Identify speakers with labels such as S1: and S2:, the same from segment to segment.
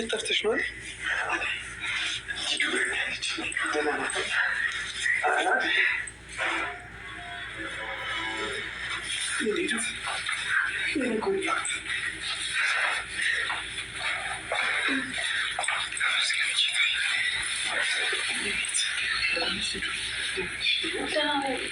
S1: jetzt auf der Schnur? Thank you.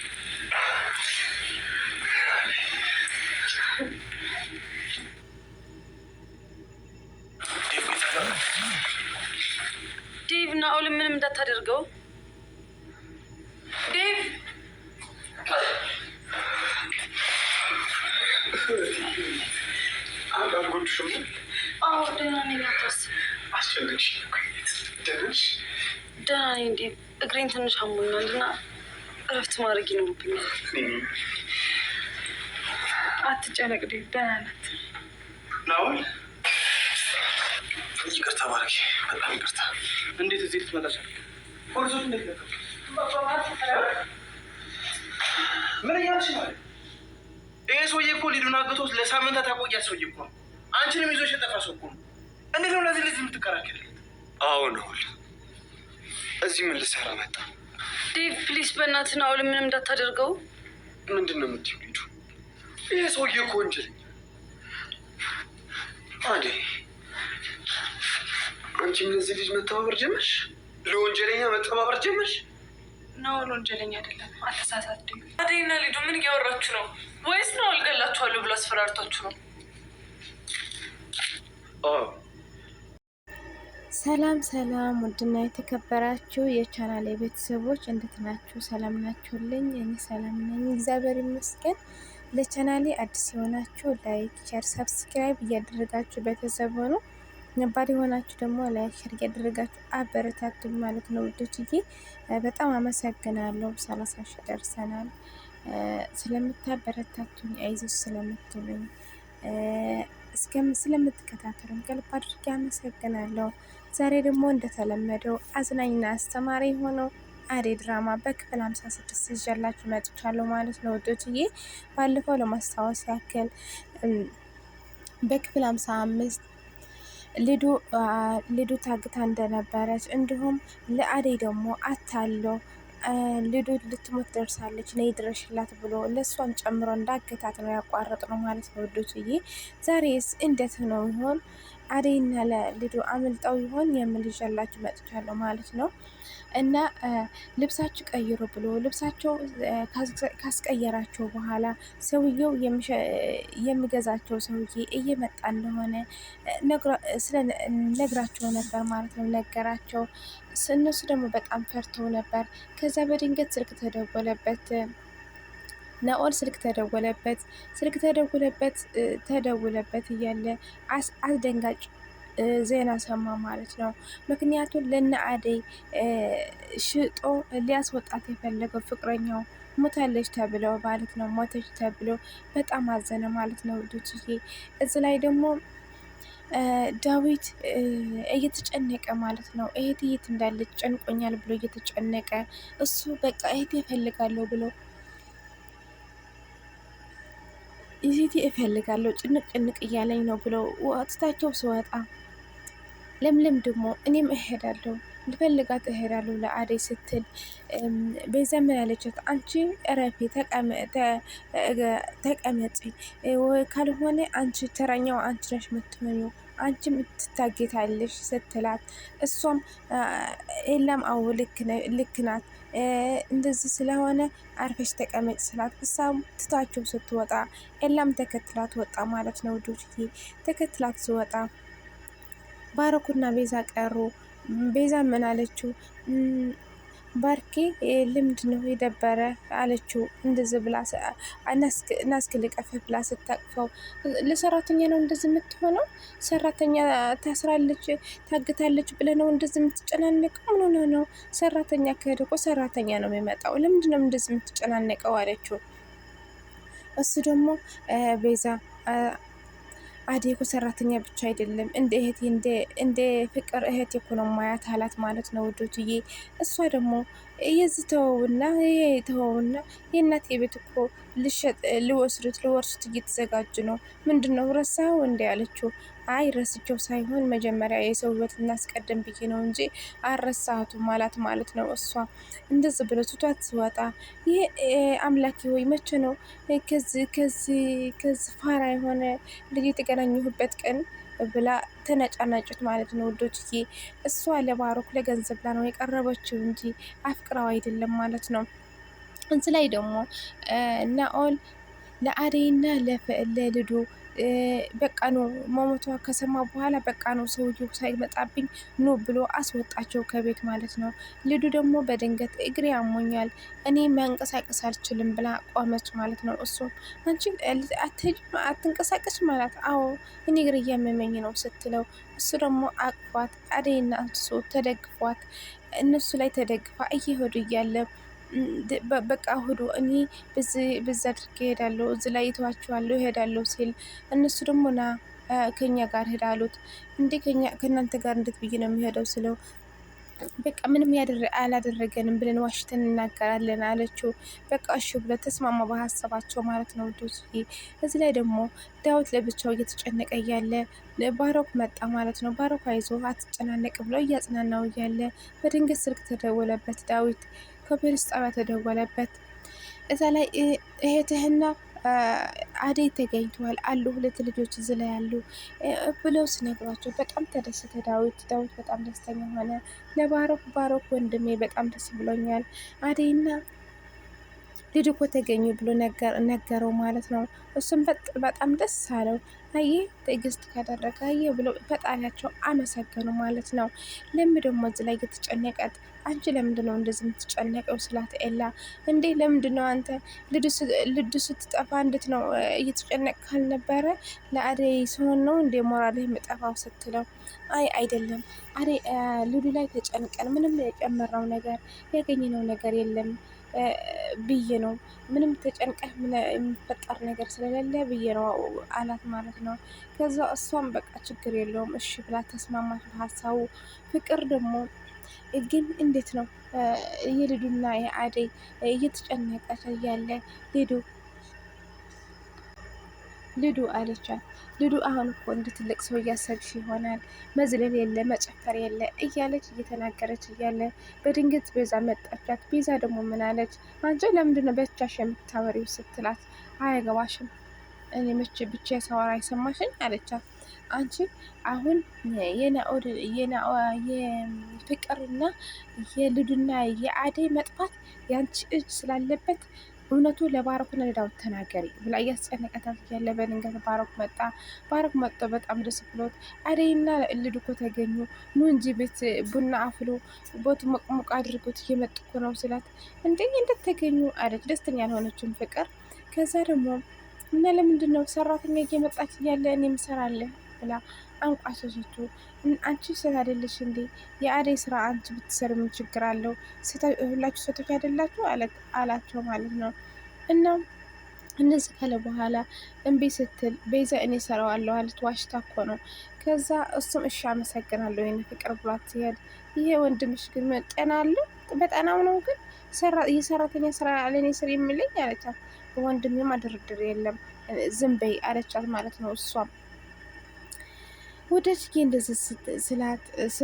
S2: ነሽ? ደህና
S1: ነኝ። እንዴት እግሬን ትንሽ አሞኛል እና እረፍት ማድረግ ይኖርብኛል። አትጨነቅ፣ ደህና ናት።
S2: ናውል ይቅርታ ማድረግ በጣም ይቅርታ። እንዴት እዚህ ልትመጣ ቻልክ? ምን እያልሽ ነው? ይሄ ሰውዬ እኮ ሊዱን አግቶት ለሳምንታት አቆያት ሰውዬ እኮ ነው። አንቺንም ይዞ የሸጠፋ ሰው እኮ ነው። እንዴት ነው ለዚህ ልጅ የምትከራከል? አዎ ናውል፣ እዚህ ምን ልሰራ መጣ?
S1: ዴቭ ፕሊስ፣ በእናትህ ናውል፣ ምንም እንዳታደርገው።
S2: ምንድን ነው የምትይው? ልጁ ይህ ሰውዬ እኮ ወንጀለኛ። አዴ፣ አንቺም ለዚህ ልጅ መተባበር ጀመርሽ? ለወንጀለኛ መተባበር ጀመርሽ?
S1: ናውል ወንጀለኛ አይደለም፣ አተሳሳት። አዴና ልጁ ምን እያወራችሁ ነው? ወይስ ናውል ገላችኋለሁ ብሎ አስፈራርታችሁ ነው?
S3: ሰላም ሰላም፣ ውድና የተከበራችሁ የቻናል የቤተሰቦች እንዴት ናችሁ? ሰላም ናችሁልኝ? እኔ ሰላም ነኝ፣ እግዚአብሔር ይመስገን። ለቻናሌ አዲስ የሆናችሁ ላይክ፣ ሸር፣ ሰብስክራይብ እያደረጋችሁ ቤተሰብ ሆኑ። ነባር የሆናችሁ ደግሞ ላይክ፣ ሸር እያደረጋችሁ አበረታቱ ማለት ነው ውዶችዬ። በጣም አመሰግናለሁ። ሰላሳ ሺ ደርሰናል። ስለምታበረታቱኝ፣ አይዞች ስለምትሉኝ፣ ስለምትከታተሉኝ ከልብ አድርጌ አመሰግናለሁ። ዛሬ ደግሞ እንደተለመደው አዝናኝና አስተማሪ የሆነው አደይ ድራማ በክፍል 56 ይዤላችሁ መጥቻለሁ ማለት ነው ውዶችዬ። ባለፈው ለማስታወስ ያክል በክፍል 55 ልዱ ታግታ እንደነበረች እንዲሁም ለአደይ ደግሞ አታለው ልዱ ልትሞት ደርሳለች ነይ ድረሽላት ብሎ ለእሷም ጨምሮ እንዳገታት ነው ያቋረጥ ነው ማለት ነው ውዶችዬ። ዛሬስ እንዴት ነው ይሆን? አደይና ለልዱ አምልጠው ይሆን? የምልዣላችሁ መጥቻለሁ ማለት ነው። እና ልብሳችሁ ቀይሩ ብሎ ልብሳቸው ካስቀየራቸው በኋላ ሰውየው የሚገዛቸው ሰውዬ እየመጣ እንደሆነ ነግራቸው ነበር ማለት ነው። ነገራቸው። እነሱ ደግሞ በጣም ፈርተው ነበር። ከዛ በድንገት ስልክ ተደወለበት። ናኦል ስልክ ተደወለበት። ስልክ ተደውለበት ተደውለበት እያለ አስደንጋጭ ዜና ሰማ ማለት ነው። ምክንያቱም ለነ አደይ ሽጦ ሊያስወጣት የፈለገው ፍቅረኛው ሞታለች ተብለው ማለት ነው። ሞተች ተብሎ በጣም አዘነ ማለት ነው። ዱትዬ እዚ ላይ ደግሞ ዳዊት እየተጨነቀ ማለት ነው። እህት የት እንዳለች ጨንቆኛል ብሎ እየተጨነቀ እሱ በቃ እህት ይፈልጋለሁ ብሎ እህት እፈልጋለሁ ጭንቅ ጭንቅ እያለኝ ነው ብሎ ወጥታቸው ሲወጣ ለምለም ደግሞ እኔም እሄዳለሁ ልፈልጋት እሄዳለሁ ለአደይ ስትል ቤዛ ምን ያለቻት? አንቺ እረፊ ተቀመጪ፣ ካልሆነ አንቺ ተረኛው አንቺ ነሽ የምትሆኚው አንቺ ምትታጌታለሽ ስትላት፣ እሷም የለም አዎ ልክ ናት እንደዚህ ስለሆነ አርፈሽ ተቀመጭ ስላት፣ እሳም ትታቸው ስትወጣ፣ የለም ተከትላት ወጣ ማለት ነው። ዱርዬ ተከትላት ስወጣ ባረኩና ቤዛ ቀሩ። ቤዛ ምን አለችው? ባርኬ ልምድ ነው የደበረ አለችው። እንደዚህ ብላ እናስክልቀፍ ብላ ስታቅፈው ለሰራተኛ ነው እንደዚህ የምትሆነው? ሰራተኛ ታስራለች ታግታለች ብለ ነው እንደዚህ የምትጨናነቀው? ምን ሆነ ነው? ሰራተኛ ከሄደ እኮ ሰራተኛ ነው የሚመጣው። ልምድ ነው እንደዚህ የምትጨናነቀው? አለችው። እሱ ደግሞ ቤዛ አደይ እኮ ሰራተኛ ብቻ አይደለም እንደ እህቴ እንደ ፍቅር እህት እኮ ነው ማያት አላት ማለት ነው ውዶትዬ። እሷ ደግሞ የዚህ ተወውና ተወውና የእናቴ ቤት እኮ ልሸጥ ልወስዱት ልወርሱት እየተዘጋጁ ነው ምንድን ነው ረሳኸው እንዲ አለችው። አይ ረስቸው ሳይሆን መጀመሪያ የሰው ህይወት እናስቀድም ብዬ ነው እንጂ አረሳቱ አላት ማለት ነው። እሷ እንደዚ ብሎ ትቷት ስወጣ ይህ አምላኪ ሆይ መቼ ነው ከዚ ፋራ የሆነ ልጅ የተገናኘሁበት ቀን ብላ ተነጫናጩት ማለት ነው ውዶችዬ። እሷ ለባሮክ ለገንዘብ ላ ነው የቀረበችው እንጂ አፍቅራው አይደለም ማለት ነው። እንስ ላይ ደግሞ ናኦል ለአደይና ለልዱ በቃ ነው መሞቷ ከሰማ በኋላ በቃ ነው ሳይመጣብኝ ኖ ብሎ አስወጣቸው ከቤት ማለት ነው። ልዱ ደግሞ በድንገት እግሬ ያሞኛል እኔ መንቀሳቀስ አልችልም ብላ ቆመች ማለት ነው። እሱም አንቺ አትንቀሳቀስ ማለት አዎ እኔ እግሬ እያመመኝ ነው ስትለው እሱ ደግሞ አቅፏት አደይና እሱ ተደግፏት እነሱ ላይ ተደግፋ እየሄዱ እያለ በቃ ሁዶ እኔ በዛ አድርጌ እሄዳለሁ፣ እዚ ላይ ይተዋችኋለሁ እሄዳለሁ ሲል እነሱ ደግሞ ና ከኛ ጋር ሂድ አሉት። እንዴ ከእናንተ ጋር እንዴት ብዬ ነው የሚሄደው ስለው በቃ ምንም አላደረገንም ብለን ዋሽተን እናገራለን አለችው። በቃ እሺ ብለ ተስማማ በሀሳባቸው ማለት ነው ውዶች። እዚህ ላይ ደግሞ ዳዊት ለብቻው እየተጨነቀ እያለ ባሮክ መጣ ማለት ነው። ባሮክ አይዞ አትጨናነቅ ብለው እያጽናናው እያለ በድንገት ስልክ ተደወለበት ዳዊት ከፖሊስ ጣቢያ ተደወለበት። እዛ ላይ እህትህና አደይ ተገኝተዋል አሉ ሁለት ልጆች እዚ ላይ ያሉ ብለው ሲነግሯቸው በጣም ተደሰተ ዳዊት። ዳዊት በጣም ደስተኛ ሆነ። ለባሮክ ባሮክ ወንድሜ በጣም ደስ ብሎኛል አደይና ልጅ እኮ ተገኙ ብሎ ነገረው ማለት ነው። እሱም በጣም ደስ አለው። አየ ትዕግስት ካደረገ አየ ብሎ ፈጣሪያቸው አመሰገኑ ማለት ነው። ለምን ደግሞ እዚ ላይ የተጨነቀት አንቺ ለምንድን ነው እንደዚህ የምትጨነቀው ስላት ኤላ እንዴ ለምንድን ነው አንተ ልዱ ስትጠፋ እንዴት ነው እየተጨነቅ ካልነበረ ለአደይ ሲሆን ነው እንዴ ሞራልህ የምጠፋው ስትለው አይ አይደለም አደይ ልዱ ላይ ተጨንቀን ምንም የጨመረው ነገር ያገኘነው ነገር የለም ብዬ ነው። ምንም ተጨንቀህ የሚፈጠር ነገር ስለሌለ ብዬ ነው አላት ማለት ነው። ከዛ እሷም በቃ ችግር የለውም እሺ ብላ ተስማማች ሀሳቡ። ፍቅር ደግሞ ግን እንዴት ነው የልዱና የአደይ እየተጨነቀች እያለ ልዱ ልዱ አለቻት። ልዱ አሁን እኮ እንደ ትልቅ ሰው እያሰብሽ ይሆናል፣ መዝለል የለ መጨፈር የለ እያለች እየተናገረች እያለ በድንገት ቤዛ መጣቻት። ቤዛ ደግሞ ምን አለች? አንቺ ለምንድነው በቻሽ የምታወሪው ስትላት፣ አያገባሽም እኔ መቼ ብቻ ሳወራ አይሰማሽኝ አለቻት። አንቺ አሁን የፍቅርና የልዱና የአደይ መጥፋት የአንቺ እጅ ስላለበት እውነቱ ለባረኩ ለዳዊት ተናገሪ ብላ እያስጨነቀታት ያለ በድንገት ባረኩ መጣ። ባረኩ መጥቶ በጣም ደስ ብሎት አደይና እልዱ እኮ ተገኙ፣ ኑ እንጂ ቤት ቡና አፍሎ ቦቱ ሞቅሞቅ አድርጎት እየመጡ እኮ ነው ስላት፣ እንዴ እንዴት ተገኙ አለች ደስተኛ ያልሆነችውን ፍቅር። ከዛ ደግሞ እና ለምንድን ነው ሰራተኛ እየመጣች እያለ እኔ ምሰራለሁ ብላ አንቋሸሸችው። አንቺ ሴት አይደለሽ እንዴ? የአደይ ስራ አንቺ ብትሰር ምን ችግር አለው? ሁላችሁ ሴቶች አይደላችሁ አላቸው ማለት ነው። እና እነዚህ ካለ በኋላ እምቢ ስትል ቤዛ እኔ ሰራዋለሁ አለት ዋሽታ እኮ ነው። ከዛ እሱም እሺ አመሰግናለሁ ወይ ፍቅር ብሏት ሲሄድ ይሄ ወንድምሽ ግን መጠና አለው በጠናው ነው ግን የሰራተኛ ስራ ለእኔ ስር የሚለኝ አለቻት። ወንድም ድርድር የለም ዝም በይ አለቻት ማለት ነው እሷም ወደ እጅጌ እንደዚህ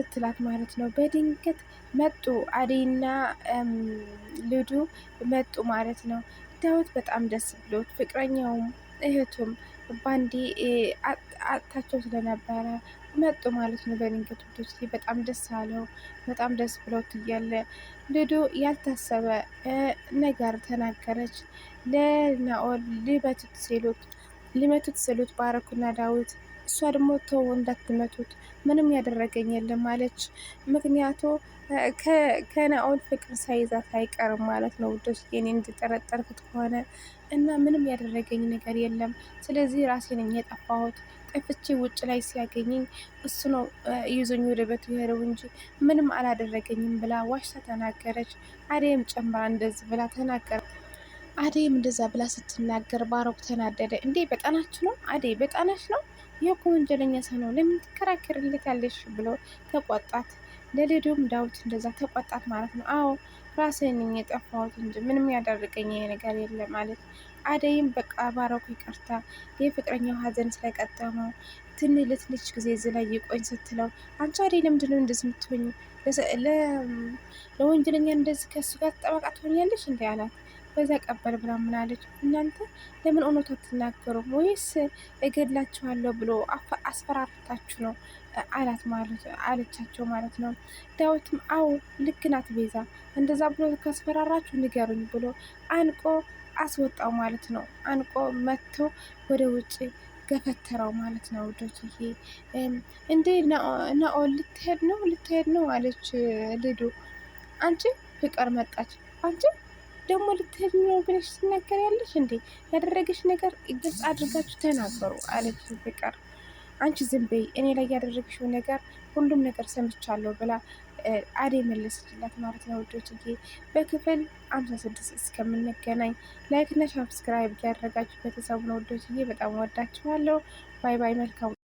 S3: ስትላት ማለት ነው። በድንገት መጡ አደይና ልዱ መጡ ማለት ነው። ዳዊት በጣም ደስ ብሎት ፍቅረኛውም እህቱም ባንዴ አጥታቸው ስለነበረ መጡ ማለት ነው። በድንገት ወደ እጅጌ በጣም ደስ አለው። በጣም ደስ ብሎት እያለ ልዱ ያልታሰበ ነገር ተናገረች። ለናኦል ሊመቱት ሲሉት ሊመቱት ሲሉት ባረኩና ዳዊት እሷ ደግሞ ተው እንዳትመቱት ምንም ያደረገኝ የለም አለች። ምክንያቱ ከናኦል ፍቅር ሳይዛት አይቀርም ማለት ነው ውዶች፣ የኔ እንድጠረጠርኩት ከሆነ እና ምንም ያደረገኝ ነገር የለም። ስለዚህ ራሴ ነኝ የጠፋሁት። ጠፍቼ ውጭ ላይ ሲያገኘኝ እሱ ነው ይዞኝ ወደ ቤቱ የሄደው እንጂ ምንም አላደረገኝም ብላ ዋሽታ ተናገረች። አደይም ጨምራ እንደዚህ ብላ ተናገረ። አደይም እንደዛ ብላ ስትናገር ባሮክ ተናደደ። እንዴ በጣናች ነው አደይ በጣናች ነው ያው ከወንጀለኛ ሰው ነው ለምን ያለሽ ብሎ ተቆጣት። ለሌዶም ዳዊት እንደዛ ተቆጣት ማለት ነው። አዎ ራሴ ነኝ የጠፋሁት እንጂ ምንም ያደረገኝ ይሄ ነገር የለም ማለት አደይም በቃ ባረኩ ይቅርታ የፍቅረኛው ሐዘን ስለቀጠመው ትንሽ ለትንሽ ጊዜ እዚህ ላይ ይቆይ ስትለው አንቺ አደይ ለምንድን እንደዚህ የምትሆኝ? ለወንጀለኛ እንደዚህ ከሱ ጋር ተጠባቃ ትሆኛለሽ እንዲ አላት። በዛ ቀበል ብላ ምናለች፣ እናንተ ለምን እውነቱ አትናገሩም ወይስ እገድላችኋለሁ ብሎ አስፈራርታችሁ ነው አላት ማለት አለቻቸው ማለት ነው። ዳዊትም አዎ ልክ ናት ቤዛ፣ እንደዛ ብሎ ካስፈራራችሁ ንገሩኝ ብሎ አንቆ አስወጣው ማለት ነው። አንቆ መጥቶ ወደ ውጭ ገፈተረው ማለት ነው። ይሄ እንዴ ናኦል ልትሄድ ነው ልትሄድ ነው አለች ልዱ። አንቺ ፍቅር መጣች አንቺ ደግሞ ልትሄድ ነው ብለሽ ትናገር ያለሽ እንዴ? ያደረገሽ ነገር ግልጽ አድርጋችሁ ተናገሩ አለች ፍቅር። አንቺ ዝም በይ፣ እኔ ላይ ያደረግሽው ነገር ሁሉም ነገር ሰምቻለሁ ብላ አዴ መለሰችላት ማለት ነው። ውዶችዬ በክፍል አምሳ ስድስት እስከምንገናኝ ላይክና ሳብስክራይብ ያደረጋችሁ ቤተሰቡ ነው። ውዶችዬ በጣም ወዳችኋለሁ። ባይ ባይ። መልካም